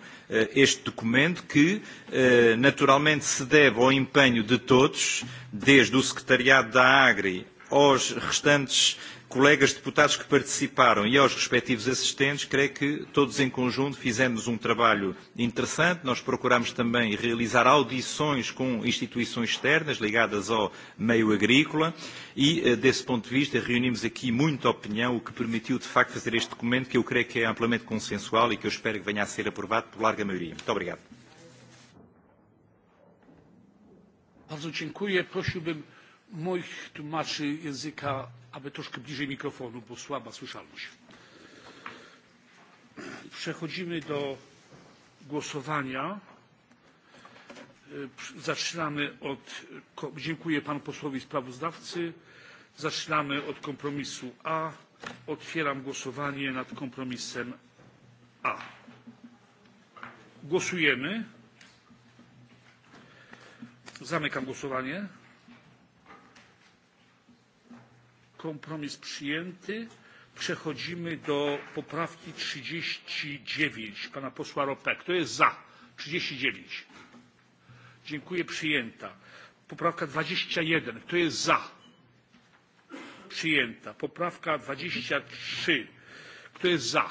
este documento que, naturalmente, se deve ao empenho de todos, desde o Secretariado da Agri aos restantes colegas deputados que participaram e aos respectivos assistentes, creio que todos em conjunto fizemos um trabalho interessante. Nós procuramos também realizar audições com instituições externas ligadas ao meio agrícola e, eh, desse ponto de vista, reunimos aqui muita opinião, o que permitiu, de facto, fazer este documento que eu creio que é amplamente consensual e que eu espero que venha a ser aprovado por larga maioria. Muito obrigado. Bardzo dziękuję. Prosiłbym moich tłumaczy języka aby troszkę bliżej mikrofonu bo słaba słyszalność. przechodzimy do głosowania. E, zaczynamy od dziękuję panu posłowi sprawozdawcy zaczynamy od kompromisu a. otwieram głosowanie nad kompromisem a. głosujemy. zamykam głosowanie. kompromis przyjęty. Przechodzimy do poprawki 39 pana posła Ropek. Kto jest za? 39. Dziękuję, przyjęta. Poprawka 21. Kto jest za? Przyjęta. Poprawka 23. Kto jest za?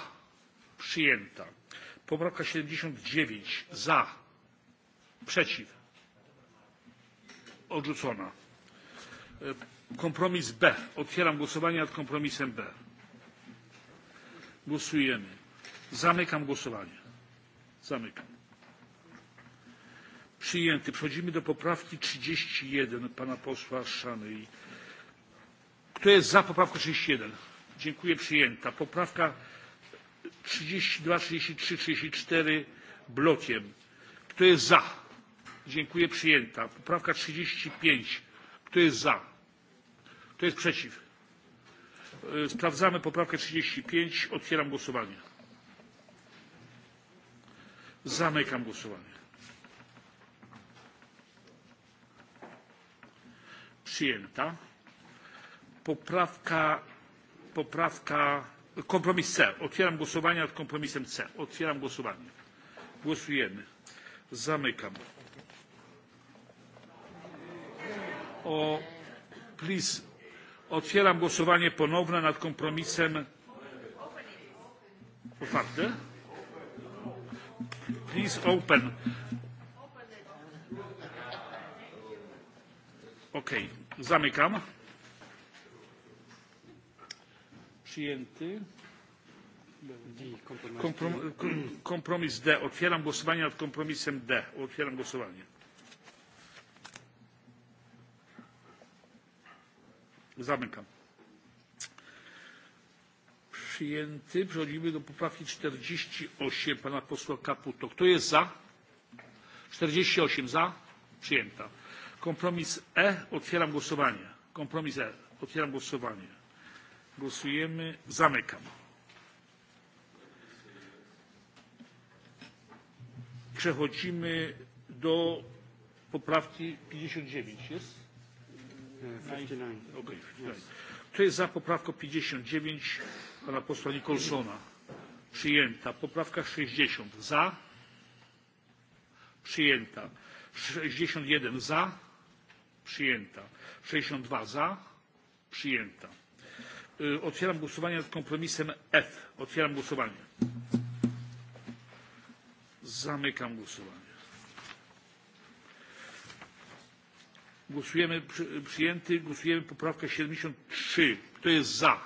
Przyjęta. Poprawka 79. Za. Przeciw. Odrzucona e, Kompromis B. Otwieram głosowanie nad kompromisem B. Głosujemy. Zamykam głosowanie. Zamykam. Przyjęty. Przechodzimy do poprawki 31 pana posła Szanej. Kto jest za poprawką 31? Dziękuję. Przyjęta. Poprawka 32, 33, 34 blokiem. Kto jest za? Dziękuję. Przyjęta. Poprawka 35. Kto jest za? Kto jest przeciw? E, sprawdzamy poprawkę 35. Otwieram głosowanie. Zamykam głosowanie. Przyjęta. Poprawka, poprawka, kompromis C. Otwieram głosowanie nad kompromisem C. Otwieram głosowanie. Głosujemy. Zamykam. O, please Otwieram głosowanie ponowne nad kompromisem otwarte. Please open. OK. Zamykam. Przyjęty. Komprom kompromis D. Otwieram głosowanie nad kompromisem D. Otwieram głosowanie. Zamykam. Przyjęty. Przechodzimy do poprawki 48 pana posła Kaputo. Kto jest za? 48 za. Przyjęta. Kompromis E. Otwieram głosowanie. Kompromis E. Otwieram głosowanie. Głosujemy. Zamykam. Przechodzimy do poprawki 59. Jest? Okay. Kto jest za poprawką 59 pana posła Nicholsona? Przyjęta. Poprawka 60 za. Przyjęta. 61 za. Przyjęta. 62 za. Przyjęta. Otwieram głosowanie nad kompromisem F. Otwieram głosowanie. Zamykam głosowanie. Głosujemy przy, przyjęty. Głosujemy poprawkę 73. Kto jest za?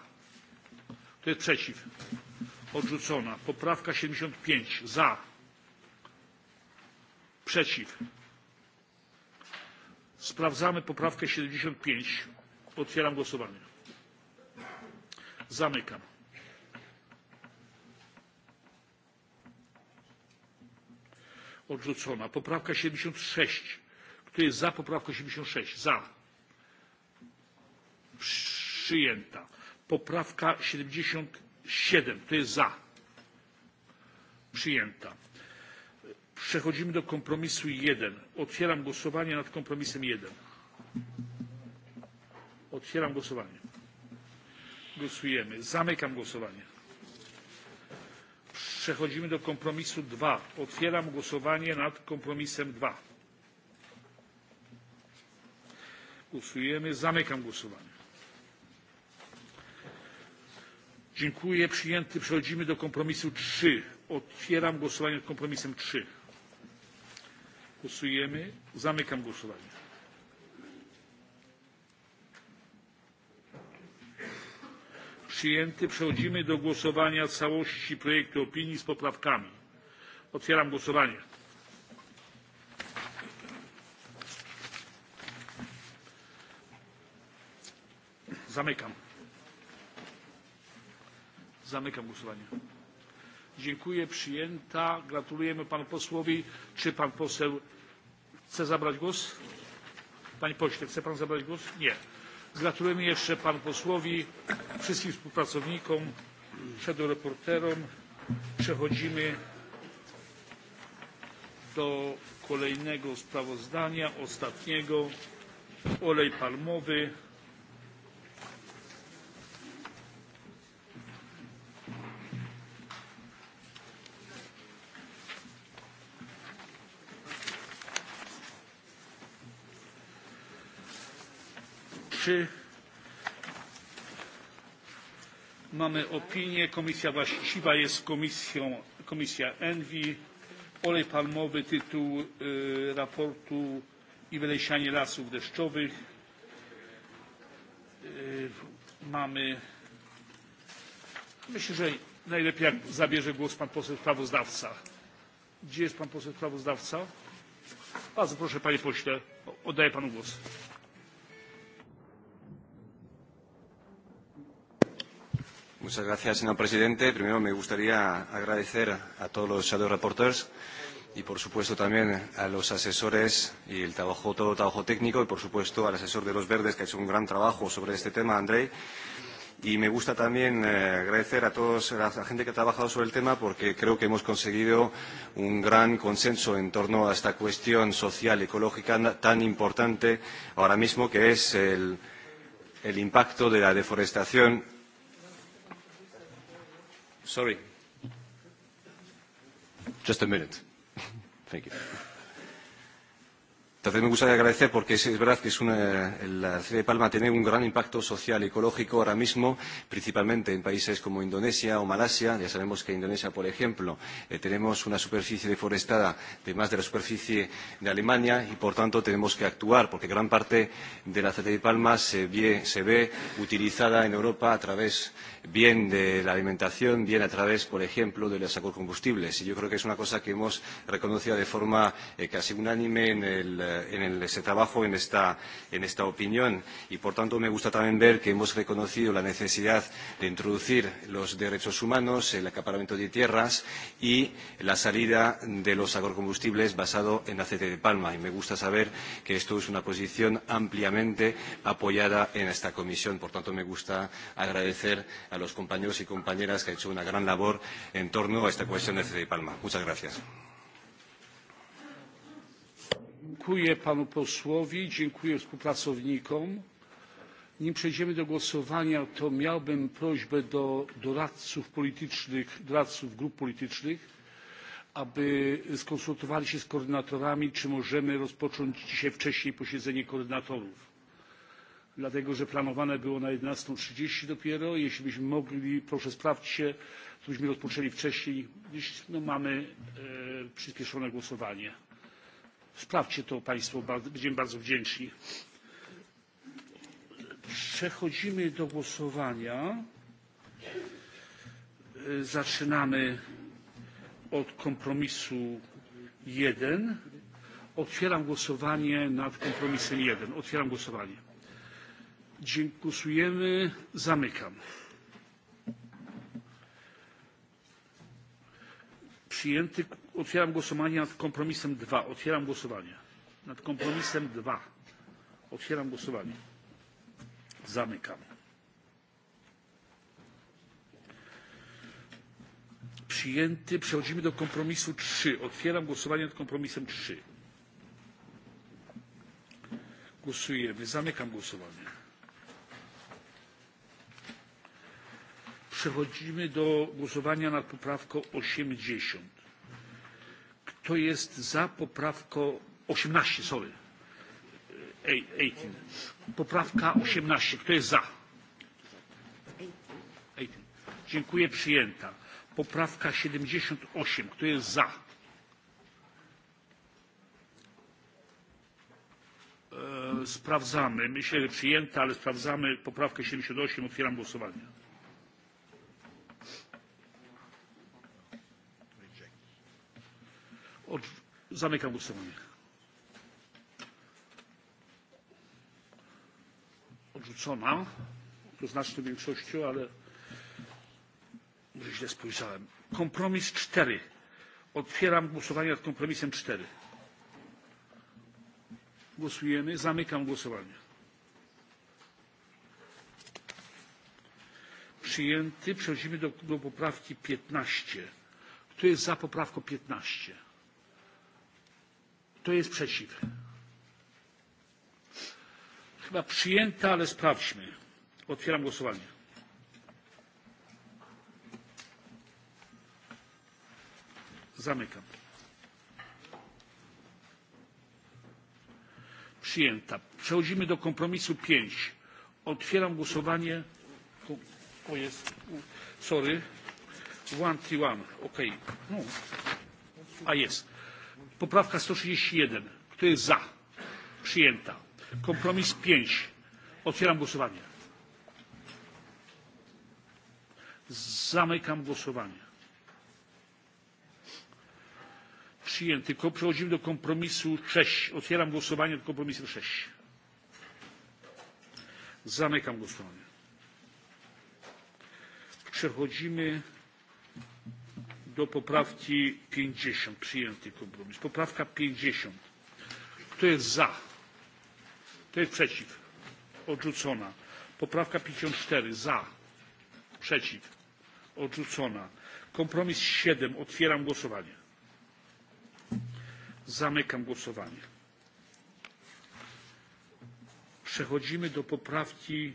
Kto jest przeciw? Odrzucona. Poprawka 75. Za. Przeciw. Sprawdzamy poprawkę 75. Otwieram głosowanie. Zamykam. Odrzucona. Poprawka 76 Kto jest za poprawką 76? Za. Przyjęta. Poprawka 77. Kto jest za? Przyjęta. Przechodzimy do kompromisu 1. Otwieram głosowanie nad kompromisem 1. Otwieram głosowanie. Głosujemy. Zamykam głosowanie. Przechodzimy do kompromisu 2. Otwieram głosowanie nad kompromisem 2. Głosujemy. Zamykam głosowanie. Dziękuję. Przyjęty. Przechodzimy do kompromisu 3. Otwieram głosowanie nad kompromisem 3. Głosujemy. Zamykam głosowanie. Przyjęty. Przechodzimy do głosowania całości projektu opinii z poprawkami. Otwieram głosowanie. Zamykam. Zamykam głosowanie. Dziękuję. Przyjęta. Gratulujemy panu posłowi. Czy pan poseł chce zabrać głos? Panie pośle, chce pan zabrać głos? Nie. Gratulujemy jeszcze panu posłowi, wszystkim współpracownikom, reporterom. Przechodzimy do kolejnego sprawozdania, ostatniego. Olej palmowy. rolniczy. Mamy opinię. Komisja właściwa jest komisją, komisja ENVI. Olej palmowy, tytuł y, raportu i wylesianie lasów deszczowych. Y, mamy. Myślę, że najlepiej jak zabierze głos pan poseł sprawozdawca. Gdzie jest pan poseł sprawozdawca? Bardzo proszę panie pośle, oddaję panu głos. Muchas gracias, señor presidente. Primero me gustaría agradecer a todos los shadow reporters y, por supuesto, también a los asesores y el trabajo, todo el trabajo técnico y, por supuesto, al asesor de los verdes que ha hecho un gran trabajo sobre este tema, Andrei. Y me gusta también eh, agradecer a todos a la gente que ha trabajado sobre el tema porque creo que hemos conseguido un gran consenso en torno a esta cuestión social ecológica tan importante ahora mismo que es el, el impacto de la deforestación Sorry. Just a minute. *laughs* Thank you. También me gustaría agradecer porque es, es verdad que es una, la ciudad de Palma tiene un gran impacto social y ecológico ahora mismo, principalmente en países como Indonesia o Malasia. Ya sabemos que en Indonesia, por ejemplo, eh, tenemos una superficie deforestada de más de la superficie de Alemania y, por tanto, tenemos que actuar porque gran parte de la ciudad de Palma se ve, se ve utilizada en Europa a través de bien de la alimentación, bien a través, por ejemplo, de los agrocombustibles. Y yo creo que es una cosa que hemos reconocido de forma eh, casi unánime en, el, en el, ese trabajo, en esta, en esta opinión. Y, por tanto, me gusta también ver que hemos reconocido la necesidad de introducir los derechos humanos, el acaparamiento de tierras y la salida de los agrocombustibles basado en aceite de palma. Y me gusta saber que esto es una posición ampliamente apoyada en esta comisión. Por tanto, me gusta agradecer a los compañeros y compañeras que han hecho una gran labor en torno a esta cuestión de Cedipalma. Muchas gracias. Dziękuję panu posłowi, dziękuję współpracownikom. Nim przejdziemy do głosowania, to miałbym prośbę do doradców politycznych, doradców grup politycznych, aby skonsultowali się z koordynatorami, czy możemy rozpocząć dzisiaj wcześniej posiedzenie koordynatorów dlatego że planowane było na jedenaście trzydzieści dopiero jeśli byśmy mogli proszę sprawdźcie to byśmy rozpoczęli wcześniej gdyż no, mamy e, przyspieszone głosowanie. sprawdźcie to państwo bardzo, będziemy bardzo wdzięczni. przechodzimy do głosowania. E, zaczynamy od kompromisu jeden. otwieram głosowanie nad kompromisem jeden. otwieram głosowanie. Głosujemy. Zamykam. Przyjęty. Otwieram głosowanie nad kompromisem 2. Otwieram głosowanie. Nad kompromisem 2. Otwieram głosowanie. Zamykam. Przyjęty. Przechodzimy do kompromisu 3. Otwieram głosowanie nad kompromisem 3. Głosujemy. Zamykam głosowanie. przechodzimy do głosowania nad poprawką osiemdziesiąt kto jest za poprawką osiemnaście sorry eighteen poprawka osiemnaście kto jest za? eighteen dziękuję przyjęta poprawka siedemdziesiąt osiem kto jest za? E, sprawdzamy myślę że przyjęta ale sprawdzamy poprawkę siedemdziesiąt osiem otwieram głosowanie Zamykam głosowanie. Odrzucona to znaczną większością, ale może źle spojrzałem. Kompromis 4. Otwieram głosowanie nad kompromisem 4. Głosujemy. Zamykam głosowanie. Przyjęty. Przechodzimy do, do poprawki 15. Kto jest za poprawką 15? Kto jest przeciw? Chyba przyjęta, ale sprawdźmy. Otwieram głosowanie. Zamykam. Przyjęta. Przechodzimy do kompromisu 5. Otwieram głosowanie. O jest, sorry. One, three, one. OK. No. A jest. Poprawka 161. Kto jest za? Przyjęta. Kompromis 5. Otwieram głosowanie. Zamykam głosowanie. Przyjęty. Przechodzimy do kompromisu 6. Otwieram głosowanie nad kompromisem 6. Zamykam głosowanie. Przechodzimy do poprawki 50, przyjęty kompromis. Poprawka 50. Kto jest za? Kto jest przeciw? Odrzucona. Poprawka 54. Za. Przeciw. Odrzucona. Kompromis 7. Otwieram głosowanie. Zamykam głosowanie. Przechodzimy do poprawki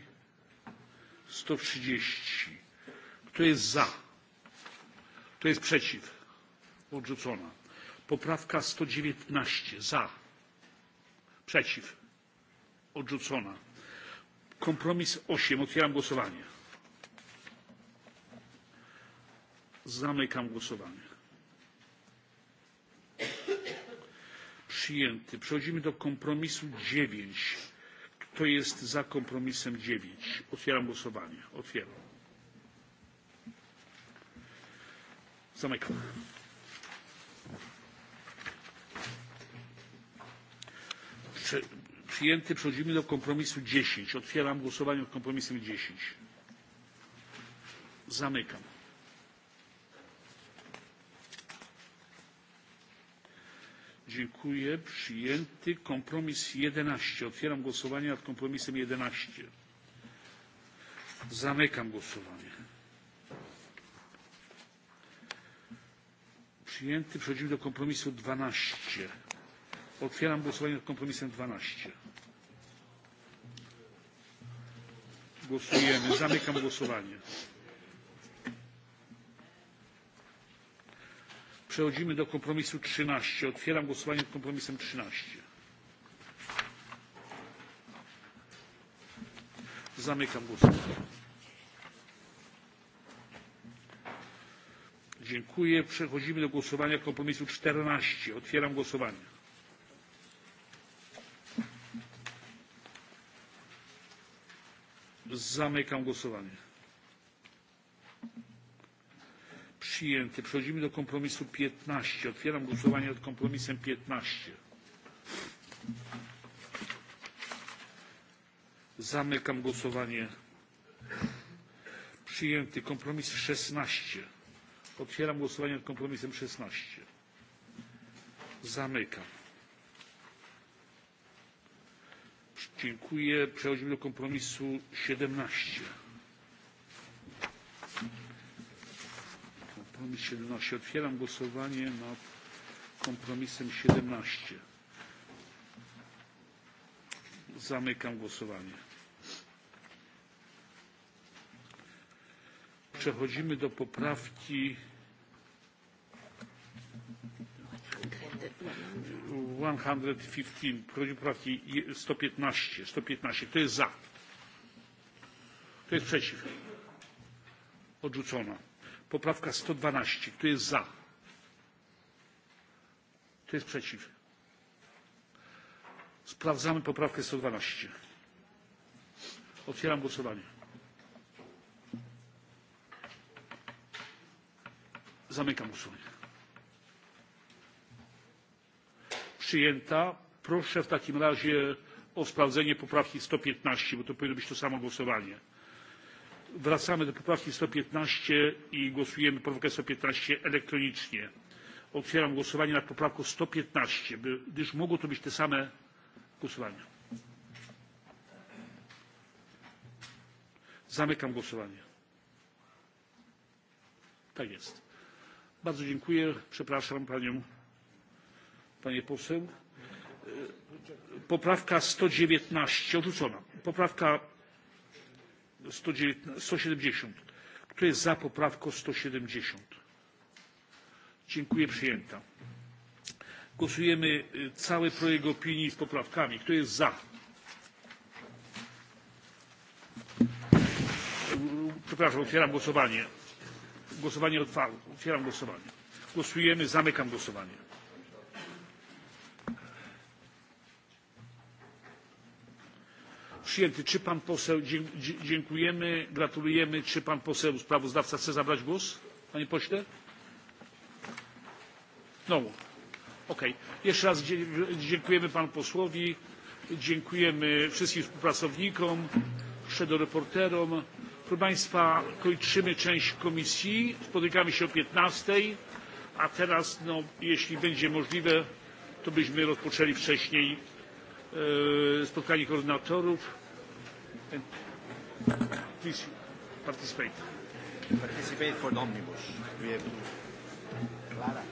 130. Kto jest za? kto jest przeciw? odrzucona. poprawka sto dziewiętnaście za przeciw odrzucona. kompromis osiem otwieram głosowanie. zamykam głosowanie. przyjęty. przechodzimy do kompromisu dziewięć kto jest za kompromisem dziewięć? otwieram głosowanie. otwieram. Zamykam. Przy, przyjęty. Przechodzimy do kompromisu 10. Otwieram głosowanie nad kompromisem 10. Zamykam. Dziękuję. Przyjęty kompromis 11. Otwieram głosowanie nad kompromisem 11. Zamykam głosowanie. przyjęty. Przechodzimy do kompromisu 12. Otwieram głosowanie nad kompromisem 12. Głosujemy. Zamykam głosowanie. Przechodzimy do kompromisu 13. Otwieram głosowanie nad kompromisem 13. Zamykam głosowanie. Dziękuję. Przechodzimy do głosowania kompromisu 14. Otwieram głosowanie. Zamykam głosowanie. Przyjęty. Przechodzimy do kompromisu 15. Otwieram głosowanie nad kompromisem 15. Zamykam głosowanie. Przyjęty. Kompromis 16. Otwieram głosowanie nad kompromisem 16. Zamykam. Dziękuję. Przechodzimy do kompromisu 17. Kompromis 17. Otwieram głosowanie nad kompromisem 17. Zamykam głosowanie. Przechodzimy do poprawki. Hmm. 115, prowadził poprawki 115, 115. Kto jest za? Kto jest przeciw? Odrzucona. Poprawka 112. Kto jest za? Kto jest przeciw? Sprawdzamy poprawkę 112. Otwieram głosowanie. Zamykam głosowanie. przyjęta. Proszę w takim razie o sprawdzenie poprawki 115, bo to powinno być to samo głosowanie. Wracamy do poprawki 115 i głosujemy poprawkę 115 elektronicznie. Otwieram głosowanie nad poprawką 115, gdyż mogło to być te same głosowania. Zamykam głosowanie. Tak jest. Bardzo dziękuję. Przepraszam panią Panie poseł. E, poprawka 119 odrzucona. Poprawka 119, 170. Kto jest za poprawką 170? Dziękuję, przyjęta. Głosujemy cały projekt opinii z poprawkami. Kto jest za? Przepraszam, otwieram głosowanie. Głosowanie otwarte. Otwieram głosowanie. Głosujemy, zamykam głosowanie. przyjęty. Czy pan poseł, dziękujemy, gratulujemy. Czy pan poseł sprawozdawca chce zabrać głos, panie pośle? No. Okej. Okay. Jeszcze raz dziękujemy panu posłowi, dziękujemy wszystkim współpracownikom, szedowreporterom. Proszę państwa, kończymy część komisji. Spotykamy się o 15, a teraz, no, jeśli będzie możliwe, to byśmy rozpoczęli wcześniej e, spotkanie koordynatorów. And please participate. Participate for the omnibus. We have Clara.